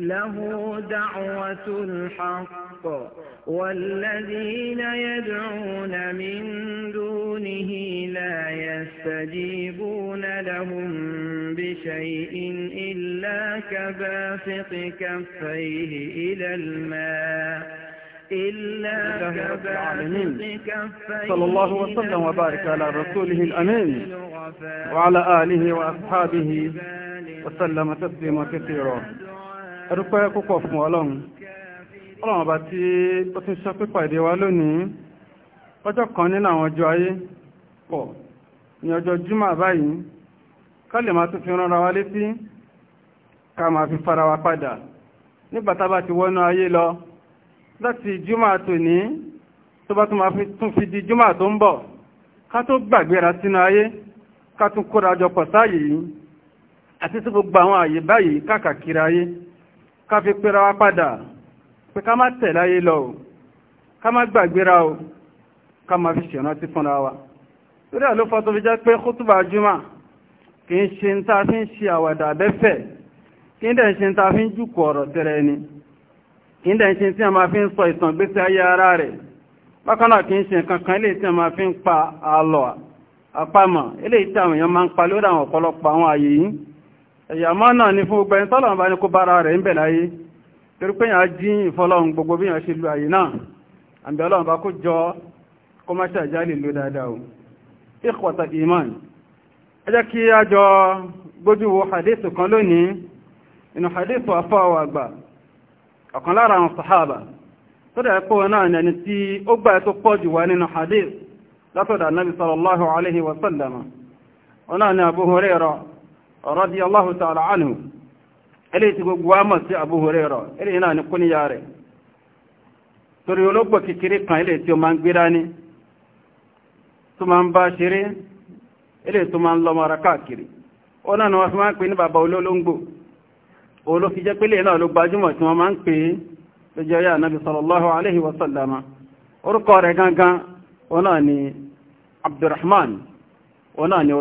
له دعوة الحق والذين يدعون من دونه لا يستجيبون لهم بشيء إلا كباسط كفيه إلى الماء إلا كباسط صلى الله وسلم وبارك على رسوله الأمين وعلى آله وأصحابه وسلم تسليما كثيرا ẹdúpẹ́ púpọ̀ fún ọlọ́run ọlọ́run ọba tí ó ti sọ pípa èdè wa lónìí ọjọ́ kan nínú àwọn ọjọ́ ayé pọ̀ ní ọjọ́ júmọ̀ báyìí ká lè máa tún fi rán ra wa létí ká máa fi fara wa padà nígbà tá bá ti wọnú ayé lọ láti júmọ̀ tòní tó bá tún máa tún fi di júmọ̀ tó ń bọ̀ ká tó gbàgbéra sínú ayé ká tún kóra jọ pọ̀ sáàyè àti sí gbogbo àwọn àyè báyìí káàkiri ayé ká fi pera wa padà pé ká má tẹ̀ láyé lọ o ká má gbàgbéra o ká má fi ṣèrántí fúnra wa lórí àlófà tó fi jẹ́ pé kútùbà júmà kì í ṣe ń ta fi ń ṣe àwàdà abẹ́fẹ̀ kì í dẹ̀ ń ṣe ń ta fi ń jùkọ̀ ọ̀rọ̀ tẹ̀rẹ̀ ni kì í dẹ̀ ń ṣe tí a máa fi ń sọ ìtàn gbésí ayé ara rẹ̀ bákan náà kì í ṣe nǹkan kan eléyìí tí a máa fi ń pa àlọ́ àpamọ̀ eléyìí tí àwọn èèyàn máa ń pa lórí àwọn ọ̀pọ̀lọpọ̀ àwọn àyè yìí ẹ̀yàmọ́ náà ni fún gbẹ̀yìn tọ́lọ̀ bá ní kó bára rẹ̀ ń bẹ̀ láyé torí pé yàn jíyìn fọ́lọ́run gbogbo bí yàn ṣe lu àyè náà àmì ọlọ́run bá kó jọ kó má ṣe àjálè ló dáadáa o ikhwata iman ẹ jẹ́ kí a jọ ni ẹni tí ó nabi sallallahu alaihi wa sallam ọ̀nà Abu Hurairah radiyallahu ta'ala anhu eléyìí tí gbogbo wa mọ̀ sí Abu Hurairah eléyìí náà ni kúníyà rẹ̀ torí olóògbò kékeré kan eléyìí tí ó máa ni fi sallallahu alaihi wa sallam. rẹ̀ gangan ó ni Abdurrahman ni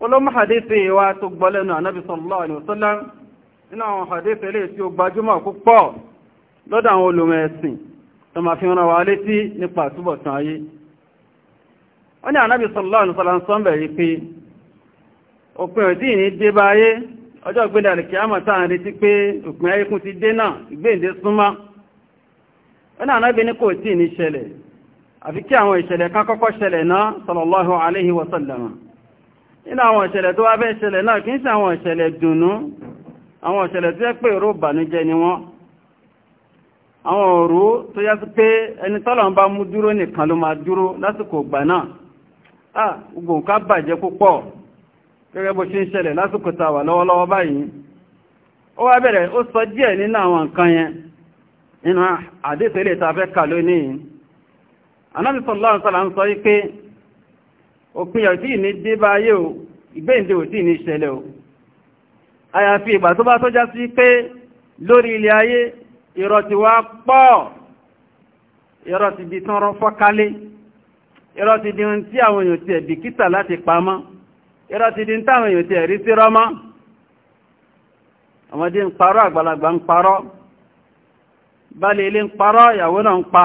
olómọ hadithi wa tó gbọ́ lẹ́nu ànábì sallallahu alaihi wasallam nínú àwọn hadithi lè tí ó gbajúmọ̀ púpọ̀ lọ́dọ̀ àwọn olùmọ̀ ẹ̀sìn tó ma fi rán wa létí nípa àtúbọ̀tán ayé wọ́n ní ànábì sallallahu alaihi wasallam sọ́mbẹ̀ yìí pé òpin òdí ní dé bá ayé ọjọ́ ìgbéda lè kíámà táà retí pé òpin ayé kún wọ́n ní ànábì nínú àwọn ìṣẹ̀lẹ̀ tó wá bẹ́ ṣẹlẹ̀ náà kìí ṣe àwọn ìṣẹ̀lẹ̀ dùnnú àwọn ìṣẹ̀lẹ̀ tó yẹ pé ìró ìbànújẹ́ ni wọ́n àwọn òru tó yẹ pé ẹni tọ́lọ̀ ń bá mú dúró nìkan ló máa dúró lásìkò ìgbà náà à gbogbo nǹkan bàjẹ́ púpọ̀ gẹ́gẹ́ bó ṣe ń ṣẹlẹ̀ lásìkò ta a wà lọ́wọ́lọ́wọ́ báyìí ó wá bẹ̀rẹ̀ ó sọ díẹ̀ nínú àwọn nǹkan yẹn nínú àdéṣẹ́lẹ̀ tá a fẹ́ kà lónìí anábìsọ̀ ń sọ òpin ọ̀tí ní dé bá ayé o ìgbéǹde ò tí ní ṣẹlẹ̀ o àyàfi ìgbà tó bá tó já sí pé lórí ilẹ̀ ayé irọ́ ti wá pọ̀ irọ́ ti di tán rán fọ́kálé irọ́ ti di ohun tí àwọn èèyàn ti ẹ̀bì kítà láti pamọ́ irọ́ ti di táwọn èèyàn ti ẹ̀rí sí rọ́mọ́ ọmọdé ń parọ́ àgbàlagbà ń parọ́ balẹ̀ ilé ń parọ́ ìyàwó náà ń pa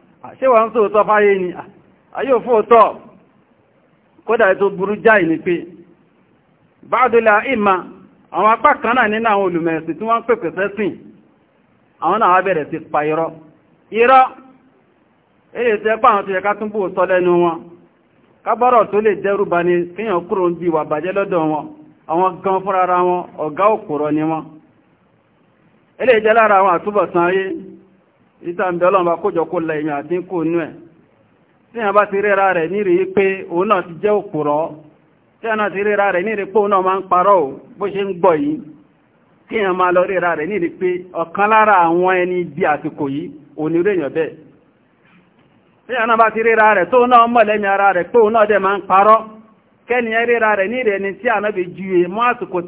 ṣé wà ń sóòtọ́ fáyé ni ayé òfóòtọ́ kódà ètò burú jáì ní pé báadọ́lá ìmá àwọn apá kan nínú àwọn tí wọ́n ń sẹ́sìn àwọn náà bẹ̀rẹ̀ sí pa irọ́ irọ́ èyí tẹ́ pà àwọn yẹ túnbù sọ lẹ́nu wọn kábọ́rọ̀ tó lè bá ní kíyàn kúrò ń wà bàjẹ́ lọ́dọ̀ wọn àwọn gan fúnra ìta ń bẹ ọlọ́run bá kójọ kó la èmi àti kò nú ẹ̀ tí a bá ti ríra rẹ̀ nírí pé òun náà ti jẹ́ òpùrọ́ tí a náà ti ríra rẹ̀ nírí pé òun náà máa ń parọ́ ò bó ṣe ń gbọ́ yìí kí a máa lọ ríra rẹ̀ nírí pé ọ̀kan lára àwọn ẹni bí àsìkò yìí onírèyàn bẹ́ẹ̀ tí a náà bá ti ríra rẹ̀ tó náà mọ̀ lẹ́mi ara rẹ̀ pé òun náà dẹ̀ máa ń parọ́ kẹ́niyàn ríra rẹ̀ nírí ẹni tí a náà fi ju mọ́ àsìkò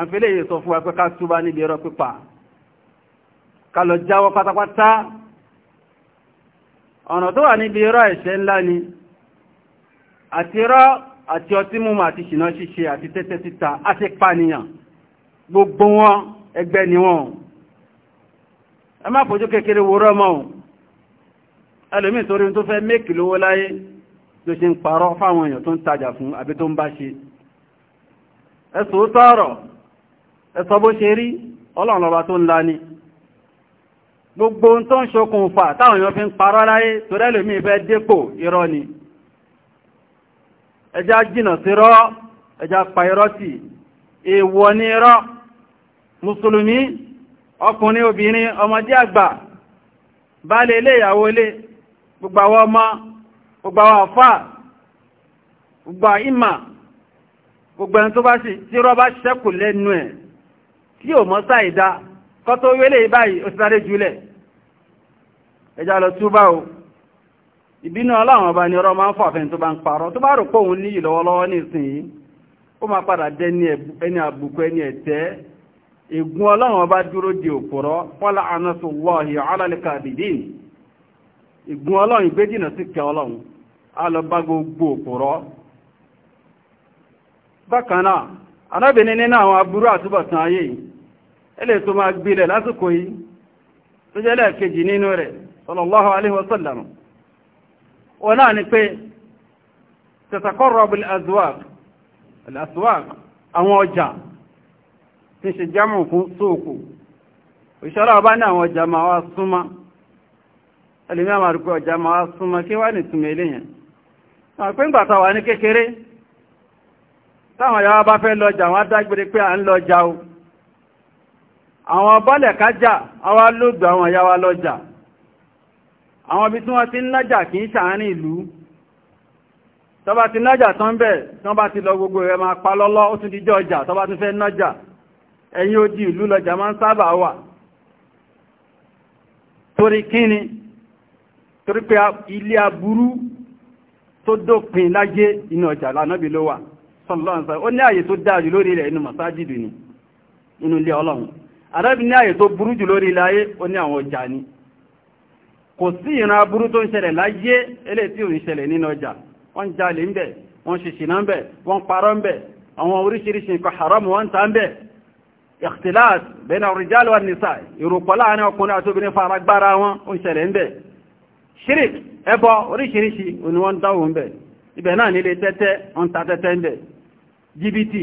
àǹfẹ́lẹ́ yìí sọ fún wa pé ká túbá níbi ẹ̀rọ pípa ká lọ jáwọ́ pátápátá ọ̀nà tó wà níbi ẹ̀rọ ẹ̀ṣẹ̀ ńlá ni àti ẹ̀rọ àti ọtí mímu àti ṣìnà ṣíṣe àti tẹ́tẹ́ títa àti pànìyàn gbogbo wọn ẹgbẹ́ ni wọn ẹ má fojú kékeré wúrọ́ mọ́ ẹlòmí torí tó fẹ́ méèkì lówó láyé tó ṣe ń parọ́ fáwọn èèyàn tó ń tajà fún àbí tó ń bá ṣe ẹ̀sùn tọ́rọ̀ ẹ̀sọ bó ṣe rí ọlọ́run ọba tó ńlá ni gbogbo ohun tó ń ṣokùnfà táwọn èèyàn fi ń parọ́ láyé torẹ́lòmí fẹ́ dépò irọ́ ni ẹjá jìnà sí rọ́ ẹjá pa irọ́ sí èèwọ̀ ní irọ́ mùsùlùmí ọkùnrin obìnrin ọmọdé àgbà baálé ilé ìyàwó ilé gbogbo ọmọ gbogbo àfà gbogbo ìmà gbogbo ẹni tó bá sì tí irọ́ bá ṣẹ́kù lẹ́nu ẹ̀ tí ò mọ́ sáì dá kọ́ tó wélé báyìí ó ti sáré jùlẹ̀ ẹjá lọ ibi o ìbínú ọlọ́run ọba ni ọ̀rọ̀ máa ń fàfẹ́ni tó bá ń parọ́ tó bá rò pé òun níyì lọ́wọ́lọ́wọ́ nísìnyí ó máa padà dé ẹni àbùkù ẹni ẹ̀tẹ́ ègún ọlọ́run di òpùrọ́ pọ́lá ègún ọlọ́run sí kẹ ọlọ́run á lọ bá gbogbo òpùrọ́ bákan náà nínú àwọn aburú àtúbọ̀tán ayé yìí ele tó máa gbilẹ̀ lásìkò yìí tó jẹ́ lẹ́ẹ̀kejì nínú rẹ̀ sallallahu alaihi wasallam wọn náà ni pé tẹ̀sàkọ́rọ̀ bí al-aswaq àwọn ọjà tí ṣe jámù fún sóòkù òṣèrè ọba ní àwọn ọjà máa wá súnmá ẹlẹ́mí àmàrùkú ọjà máa wá súnmá kí wá ní túnmẹ̀ ilé yẹn àpíngbàtà wà ní kékeré táwọn yàwó bá fẹ́ lọ ọjà wọn dágbére pé à ń lọ o àwọn bọ́lẹ̀ kájà àwa lòdù àwọn ìyá lọ́jà àwọn ibi tí wọ́n ti ń nájà kì í ìlú tọba ti nájà tán bẹ̀ tán bá ti lọ gbogbo rẹ̀ pa lọ́lọ́ ọjà tọba ti fẹ́ ẹ̀yìn odi ìlú lọ́jà ma ń sábà wà torí kíni torí pé ilé aburú tó dópin láyé inú ọjà lánàbí ló wà ó ní àyè tó dáa jù lórí rẹ̀ arábì ní ààyè tó burú jù lórí iláyé ó ní àwọn ọjà ni kò sí ìran aburú tó ń ṣẹlẹ̀ láyé eléyìí tí ò ń ṣẹlẹ̀ nínú ọjà wọ́n jalè ń bẹ̀ wọ́n ṣìṣìná ń bẹ̀ wọ́n parọ́ ń bẹ̀ àwọn oríṣiríṣi nǹkan haramu wọ́n ta ń bẹ̀ ikhtilat bayna ar-rijal wan-nisa ìrùpọ̀ láàrin ọkùnrin àti obìnrin fara gbára wọn ó ń ṣẹlẹ̀ ń bẹ̀ shirik ẹbọ oríṣiríṣi òní wọ́n dáwò ń bẹ̀ ibẹ̀ náà nílé tẹ́tẹ́ wọ́n ta tẹ́tẹ́ ń bẹ̀ jìbìtì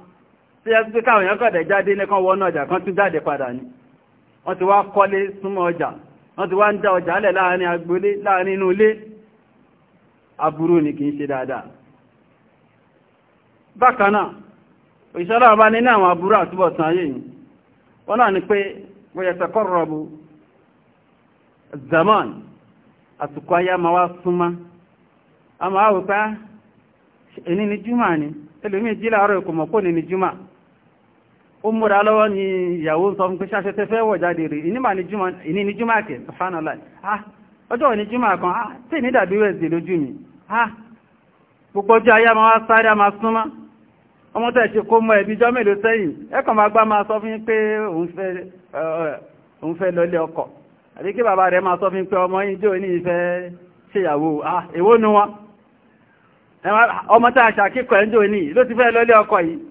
tí a ti pé káwọn èèyàn kọ̀dẹ̀ jáde ní kan wọnú ọjà kan tún jáde padà ní wọ́n ti wá kọ́lé súnmọ́ ọjà wọ́n ti wá ń dá ọjà lẹ̀ láàrin agbolé láàrin inú ilé aburú ni kìí ṣe dáadáa bákanáà òṣìṣẹ́lá ọba ní àwọn aburú àtúbọ̀tán ayé yìí wọ́n náà ni pé zaman àtùkọ́ wá ma ẹni ah, ni júmà ni jí láàárọ̀ ni ni júmà ó múra lọ́wọ́ ni ìyàwó sọ fún pé ṣáṣẹ́ tẹ́fẹ́ wọ̀ jáde rí ìní ni jùmọ́ àkẹ́ ṣánàlá ah, ọjọ́ ah, ìní jùmọ́ kan tí ní dàbí wẹ́sì lójú mi púpọ̀ jẹ́ ayá ma wá sáré a máa súnmọ́ ọmọ tẹ́ ṣe kó mọ́ ẹ̀bí jọ́mẹ́lò sẹ́yìn ẹ́kàn máa gbá máa sọ fún pé òun fẹ́ lọlé ọkọ àbí kí bàbá rẹ̀ máa sọ fún pé ọmọ yìí jẹ́ òní ìfẹ́ ṣèyàwó ah, èwo nu wọn ọmọ àṣà kíkọ̀ ẹ̀ ń jẹ́ òní ló ti fẹ́ lọlé ọkọ yìí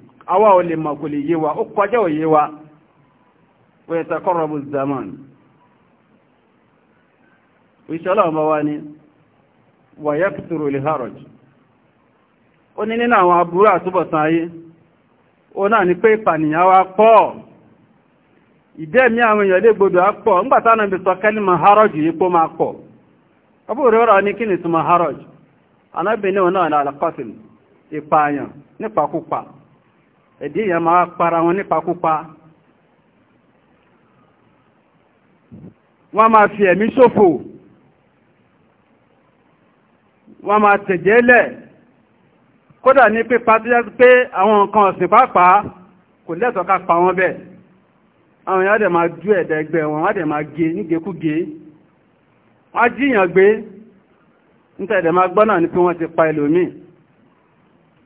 awa ole lè mọ̀ kò lè wa wa ó o òye wa wa yataqarrabu zaman òṣìṣẹ́ ọlọ́run bá wá ni wa yakthuru al-haraj ó ní nínú àwọn aburú àtúbọ̀tán ayé ó náà ní pé ìpànìyàn wa àwọn èèyàn lè gbogbo akpọ ńgbàtà náà bí sọ ma haraj yìí pó máa pọ̀ ọbúrò rẹ̀ ní kí ni túnmọ̀ haraj anábìnrin náà ní ìpààyàn ẹ̀dí èèyàn máa para wọn nípakúpa wọ́n máa fi ẹ̀mí ṣòfò wọ́n máa tẹ̀jẹ́ lẹ̀ kódà ní pípa tó yẹ́ pé àwọn nǹkan ọ̀sìn pàápàá kò lẹ́tọ̀ọ́ ká pa wọ́n bẹ́ẹ̀ àwọn èèyàn dẹ̀ máa jú ẹ̀dẹ̀ ẹgbẹ́ wọn wọ́n dẹ̀ máa gé nígekúgé wọ́n jíyàn gbé nítẹ̀ẹ̀dẹ̀ máa gbọ́nà ní pé wọ́n ti pa ẹlòmíì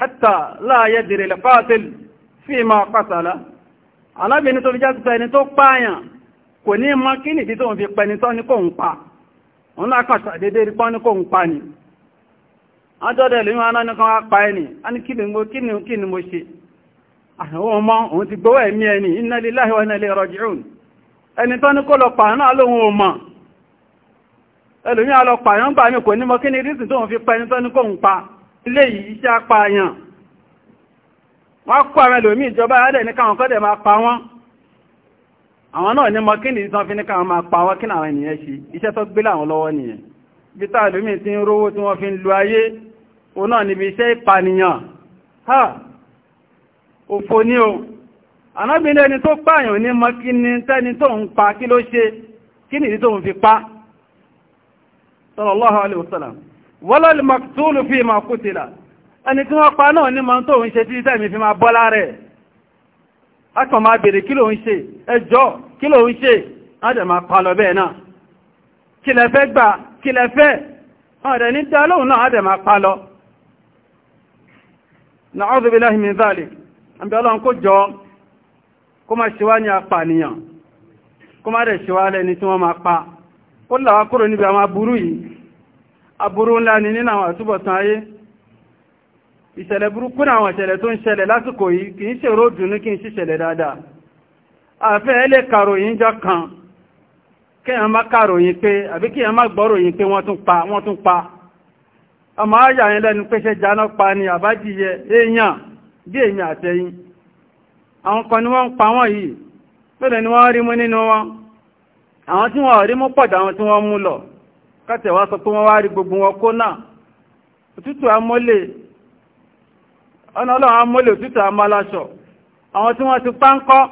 hatta la yadri al-qatil fima qatala alábìnrin tó fi jásí pẹni tó pààyàn kò ní mọ́ kí nìdí tó ń fi pẹni tó ní kò ń pa òun lákàtà dédé rí pọ́ ní kò ń pa ni ajọ́dẹ̀ lóyún aná ní kan wá pa ẹni a ní kí ni mo kí ni kí ni mo ṣe àwọn ọmọ òun ti ẹlòmí alọ pààyàn gbà mí kò ní mọ́ kí ni rísìn tó ń fi pẹni tó ní kò ń pa ilé yìí iṣẹ́ apààyàn wọ́n kó àwọn ẹlòmí ìjọba alẹ́ ní káwọn kọ́dẹ̀ máa pa wọ́n àwọn náà ní mọ́ kí ní ìsan fi ní káwọn máa pa wọ́n kí àwọn ènìyàn ṣe iṣẹ́ tó gbé láwọn lọ́wọ́ nìyẹn bí tá ẹlòmí ti ń rówó tí wọ́n fi ń lu ayé o náà níbi iṣẹ́ ìpànìyàn ha òfò ni o ànábìnrin ẹni tó pààyàn ní mọ́ kí ní tẹ́ni tó ń pa kí ló ṣe kí pa wọ́lọ́lì maktúlù fi ma kú tìlà ẹni tí wọ́n pa náà ní ma tó ń ṣe tí ìtẹ́ mi fi ma bọ́lá rẹ̀ akọ̀ ma bèèrè kí ló ń ṣe ẹjọ́ kí ló ń ṣe ádẹ̀ ma pa lọ bẹ́ẹ̀ náà kí lẹ fẹ́ gbà kí lẹ fẹ́ ọ̀rẹ̀ ní dálóhùn náà ádẹ̀ ma pa aburú ńlá ni nínú àwọn àtúbọ̀tán ayé ìṣẹ̀lẹ̀ burúkú ní àwọn ìṣẹ̀lẹ̀ tó ń ṣẹlẹ̀ lásìkò yìí kì í ṣèrò dùnú kí n ṣíṣẹ̀lẹ̀ dáadáa àfẹ́ ẹlẹ́ kàròyìn jọ kan kí ẹ má kàròyìn pé àbí kí má gbọ́ròyìn pé wọ́n tún pa wọ́n tún pa ọmọ ayà yẹn lẹ́nu pẹ́ṣẹ́ jáná pa ni àbájíyẹ èèyàn bí èèyàn àtẹ́yìn àwọn kan ni wọ́n ń pa wọ́n yìí lónìí ni wọ́n rí mú nínú wọn àwọn tí wọ́n rí mú pọ̀dà àwọn tí wọ́n mú lọ kátẹ̀wá sọ pé wọ́n wá rí gbogbo wọn kó náà òtútù amólè ọ̀nà ọlọ́run amólè òtútù amáláṣọ àwọn tí wọ́n ti pa ń kọ́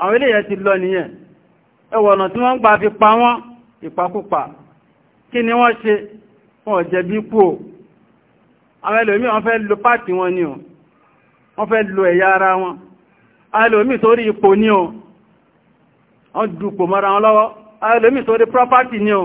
àwọn ilé yẹn ti lọ nìyẹn ẹwọ̀nà tí wọ́n ń gbà fi pa wọ́n ìpakúpa kí ni wọ́n ṣe wọ́n jẹ̀bi kú o àwọn ẹlòmí wọ́n fẹ́ lo pàtì wọn ni o wọ́n fẹ́ lo ẹ̀yà ara wọn àwọn ẹlòmí torí ipò ni o wọ́n dupò mọ́ra wọn lọ́wọ́ àwọn ẹlòmí torí property ni o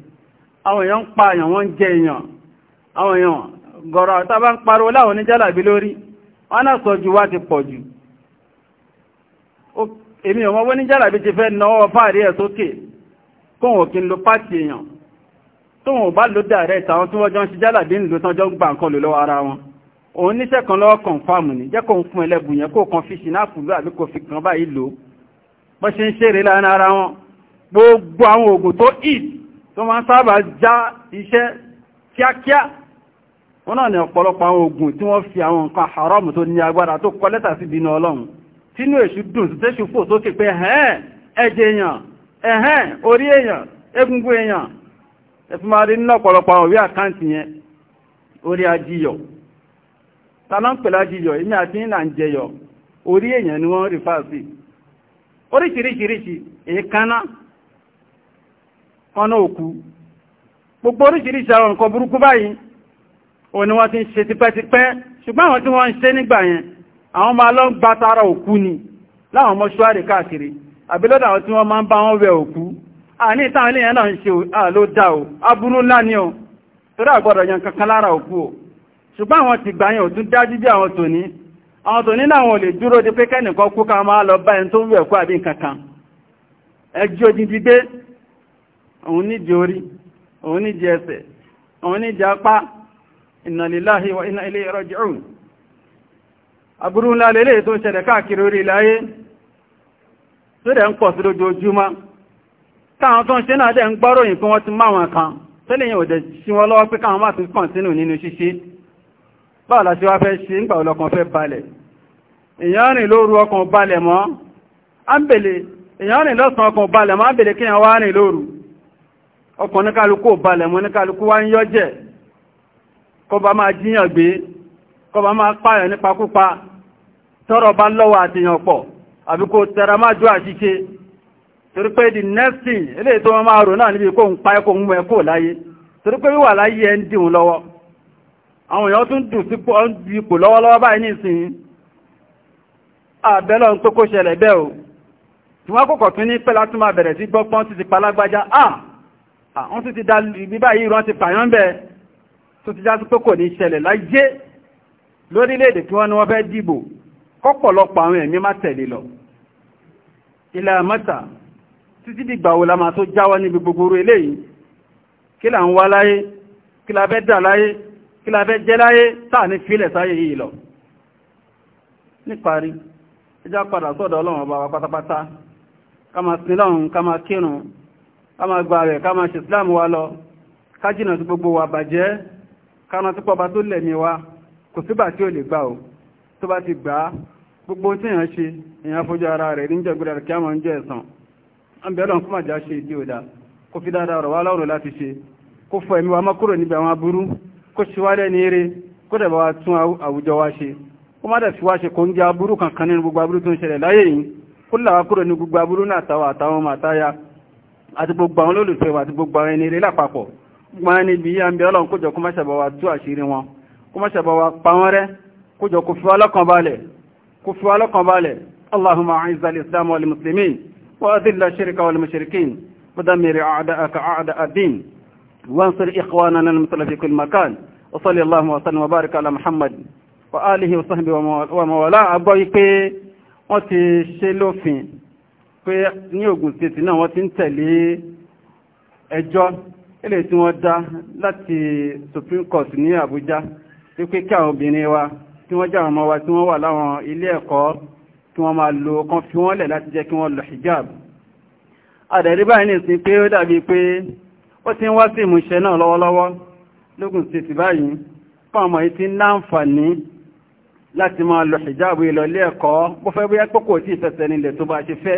àwọn èèyàn ń pa èèyàn wọ́n jẹ èèyàn àwọn èèyàn gọ̀rọ̀ tàbá ń pariwo láwọn oníjálàbí lórí wọ́n náà sọ ju wá ti pọ̀ jù èmi ọmọ wọ́n níjálàbí ti fẹ́ náwọ́ fàárí ẹ̀ sókè kóhùn kí n lo pàtì èèyàn tóhùn bá ló dàrẹ́ ìtàwọn tí wọ́n jọ ń ṣe jálàbí ń gbogbo àwọn oògùn tó ìtì tó máa sábà já iṣẹ́ kíákíá wọ́n náà ni ogun tí wọ́n fi àwọn nǹkan haram tó ní agbára tó kọ lẹ́tà sí ìbínú ọlọ́run tínú èṣù dùn sí tẹ́ṣù fò tó sì pé ẹ̀hẹ́n ẹ̀jẹ̀ èèyàn ẹ̀hẹ́n orí èèyàn egungun èèyàn ẹ̀fùmarí ní ọ̀pọ̀lọpọ̀ àwọn òwe àkáǹtì yẹn orí ń èmi àti wọn náà kú gbogbo oríṣiríṣi àwọn nǹkan burúkú báyìí o ni wọ́n ti ń ṣe tipẹ́tipẹ́ ṣùgbọ́n àwọn tí wọ́n ń ṣe nígbà yẹn àwọn máa lọ gba tara òkú ni láwọn mọ́ṣúárì káàkiri àbí lọ́dọ̀ àwọn tí wọ́n máa ń bá wọn wẹ òkú àní ìtàn ilé yẹn náà ń ṣe àló dá o aburú ńlá ni o torí àgbọ̀dọ̀ yan kankan lára òkú o ṣùgbọ́n àwọn ti gbà yẹn ò tún dájú bí àwọn tòní àwọn tòní láwọn ò lè dúró de pé kẹ́nìkan kú ká máa lọ bá ẹni tó ń wẹ̀ kú àbí nǹkan kan ẹjọ́ dídí gbé òun nídìí orí òun nídìí ẹsẹ̀ òun nídìí apá inna lillahi wa inna ilayhi raji'un aburú ńlá lélẹ̀ tó ṣẹlẹ̀ káàkiri orí iláyé tó dẹ̀ ń pọ̀ sí lójoojúmọ́ táwọn tó ń ṣe náà dẹ̀ ń gbọ́ròyìn pé wọ́n ti máwọn kan tó lè yìn òdẹ̀ sí wọn lọ́wọ́ pé káwọn máa tún kọ̀ǹtínù nínú ṣíṣe báwo la wá fẹ́ ṣe ń gbà ọlọ́kan fẹ́ balẹ̀ ọkàn balẹ̀ ọkàn oníkálukú ò balẹ̀ mọ́ oníkálukú wá ń yọ́jẹ̀ kọba máa jíyàn gbé kọba máa pààyàn nípakúpa tọ́rọ bá lọ́wọ́ àtìyàn pọ̀ àbí kò tẹ́ra máa jó àṣíṣe torí pé the next thing ilé tó wọ́n máa rò náà níbi kó ń pa ẹkò mú ẹkò láyé torí pé wíwà láyé ẹ ń dìun lọ́wọ́ àwọn èèyàn tún dùn sí ipò lọ́wọ́lọ́wọ́ báyìí nísìnyí àbẹ́lọ́ ń pé kó ṣẹlẹ̀ bẹ́ẹ̀ o tí wọ́n kọ́kọ́ tún ní pẹ́lá tún máa bẹ̀rẹ̀ sí gbọ́pọ́n sí ti palágbájá ah àwọn ah, tó ti dá ibi báyìí ìran ti pàyán bẹ́ẹ̀ tó ti já sí pé kò ní ṣẹlẹ̀ láyé lórílẹ̀-èdè tí wọ́n ní wọ́n fẹ́ dìbò kọ́pọ̀lọpọ̀ àwọn ẹ̀mí má tẹ̀lé lọ ilẹ̀ mẹ́ta títí dìgbà wo la máa tó jáwọ́ níbi gbogbo eléyìí kí là ń wá láyé kí la fẹ́ ká máa gba rẹ̀ ká máa ṣe islam wa lọ ká jìnà sí gbogbo wa bàjẹ́ ká rántí pọba tó lẹ̀mí wa kò síbà tí ò lè gbà o tó bá ti gbà á gbogbo tí èèyàn ṣe èèyàn fojú ara rẹ̀ níjẹ́ gbọ́dọ̀ rẹ̀ kí á máa ń jẹ́ ẹ̀sán àbí ọlọ́run fún àjá ṣe ìdí òdà kó fi dáadáa rọ̀ wá lọ́rùn láti ṣe kó àti gbogbo àwọn olólùfẹ́ wa àti gbogbo àwọn ẹni eré lápapọ̀ gbọ́n níbi yíya ń bẹ ọlọ́run kójọ kó má ṣàbà wa tú àṣírí wọn kó má ṣàbà wa pa wọ́n rẹ́ kójọ kó fi ọlọ́kan إخواننا المسلمين كل مكان وصلى الله وسلم وبارك على محمد وآله وصحبه وموالاه أبوي pé wọ́n ti ṣe lófin pé ní Ògùn State náà wọ́n ti ń tẹ̀lé ẹjọ́ ilé tí wọ́n dá láti Supreme Court ní Àbújá tí pé kí àwọn obìnrin wa tí wọ́n jáwọn ọmọ wa tí wọ́n wà láwọn ilé ẹ̀kọ́ kí wọ́n máa lo kan fi wọ́n lẹ̀ láti jẹ́ kí wọ́n lọ hijab àdẹ̀rí báyìí nìsín pé ó dàbí pé ó ti ń wá sí ìmúṣẹ náà lọ́wọ́lọ́wọ́ lógùn State báyìí fún ọmọ yìí ti ń láǹfààní láti máa lo hijab ìlọlé ẹ̀kọ́ bó fẹ́ bóyá pé kò tí ìfẹsẹ̀ nílẹ̀ tó bá ṣe fẹ́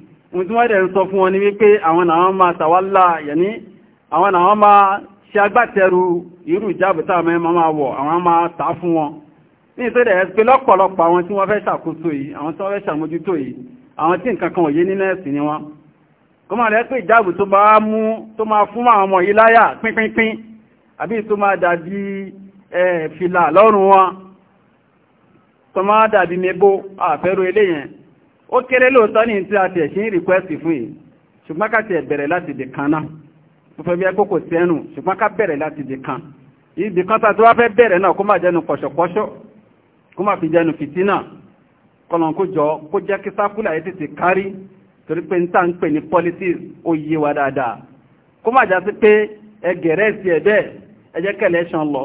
ohun tí ń sọ fún wọn ni wípé àwọn àwọn máa tàwálà yẹni àwọn àwọn máa ṣe agbátẹrù irú ìjábùtà mẹ́mọ́ máa wọ̀ àwọn máa tà fún wọn ní ìtọ́dẹ̀ ẹ̀ pé lọ́pọ̀lọpọ̀ àwọn tí wọ́n fẹ́ ṣàkóso yìí àwọn tí wọ́n fẹ́ ni wọ́n kó máa rẹ̀ pé ìjáàbù tó bá mú tó máa fún àwọn ọmọ yìí láyà pínpínpín àbí tó máa dàbí fìlà lọ́rùn wọn ó kéré lóòótọ́ ní tí a tẹ̀ sí rìkwẹ́sì fún yìí ṣùgbọ́n ká tẹ̀ bẹ̀rẹ̀ láti dì kan náà mo fẹ́ bí ẹ kókò sẹ́nu ṣùgbọ́n ká bẹ̀rẹ̀ láti dì kan ibi kan tó wá fẹ́ bẹ̀rẹ̀ náà kó má jẹnu pọ̀ṣọ̀pọ̀ṣọ̀ kó má fi jẹnu fìtínà kọlọ̀n kó jọ kó jẹ́ kí sákúlà yìí tètè kárí torí pé níta ń pè ní politics ó wa dáadáa kó má jásí sí ẹ̀bẹ́ ẹjẹ́ kẹ́ election lọ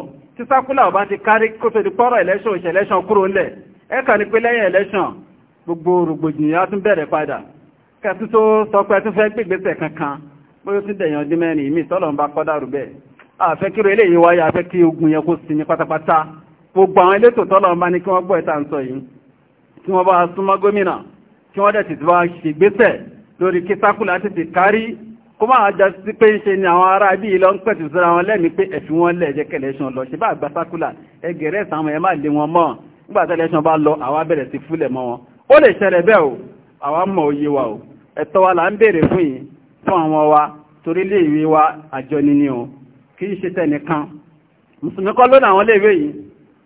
election òṣèlẹ́ṣàn kúrò ńlẹ̀ election gbogbo rògbòdìyàn tún bẹ̀rẹ̀ padà kẹtù tó sọ pé tún fẹ́ gbégbésẹ̀ kankan bóyó tún dẹ̀yàn ọdún mẹ́rin ìmí tọ́lọ̀ ń bá kọ́dà rú bẹ́ẹ̀ àfẹ́ kí eléyìí wáyé àfẹ́ kí ogun yẹn kó sinmi pátápátá gbogbo àwọn elétò tọ́lọ̀ ń bá ní kí wọ́n gbọ́ ìta ń sọ yìí kí wọ́n bá súnmọ́ gómìnà kí wọ́n dẹ̀ ti bá ṣègbésẹ̀ lórí ni àwọn ará ibi ìlọ ń pẹ̀tù síra wọn lẹ́mìí pé ẹ̀fí wọn lẹ̀ jẹ́ kẹlẹ́ṣàn lọ ó lè ṣẹlẹ̀ bẹ́ẹ̀ o àwa mọ̀ òye wa o ẹ̀tọ́ wa là ń béèrè fún yìí fún àwọn wa torí léèwé wa àjọni ni o kì í ṣe tẹnìkan mùsùlùmí kọ́ ló ní àwọn léèwé yìí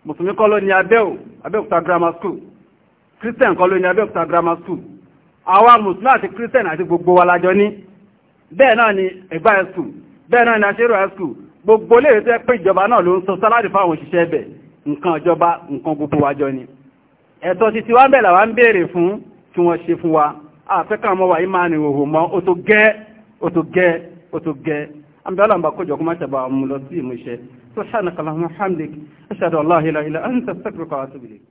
mùsùlùmí kọ́ ló ní abẹ́ abẹ́òkúta grammar school christian kọ́ ló ní abẹ́òkúta grammar school àwa mùsùlùmí àti christian àti gbogbo wa lájọ ní bẹ́ẹ̀ náà ni ẹgbà high school bẹ́ẹ̀ náà ni aṣẹ́rò high school gbogbo léèwé tó yẹ pé ìjọba náà ló ń sọ sálárì fáwọn òṣìṣẹ́ bẹ̀ nǹkan ìjọba nǹkan gbogbo wa jọ ni ẹ̀tọ́ ti ti wá bẹ̀rẹ̀ wá ń bèèrè fún tí wọ́n ṣe fún wa àfẹ́kà mọ́ wà ìmá ni òhò mọ́ ó tó gẹ́ ó tó gẹ́ ó tó gẹ́ àmìdálà ń bá kójọ kó má ṣe bá lọ sí ìmúṣẹ subhanaka allahumma hamdik ashhadu an la ilaha illa anta astaghfiruka wa atubu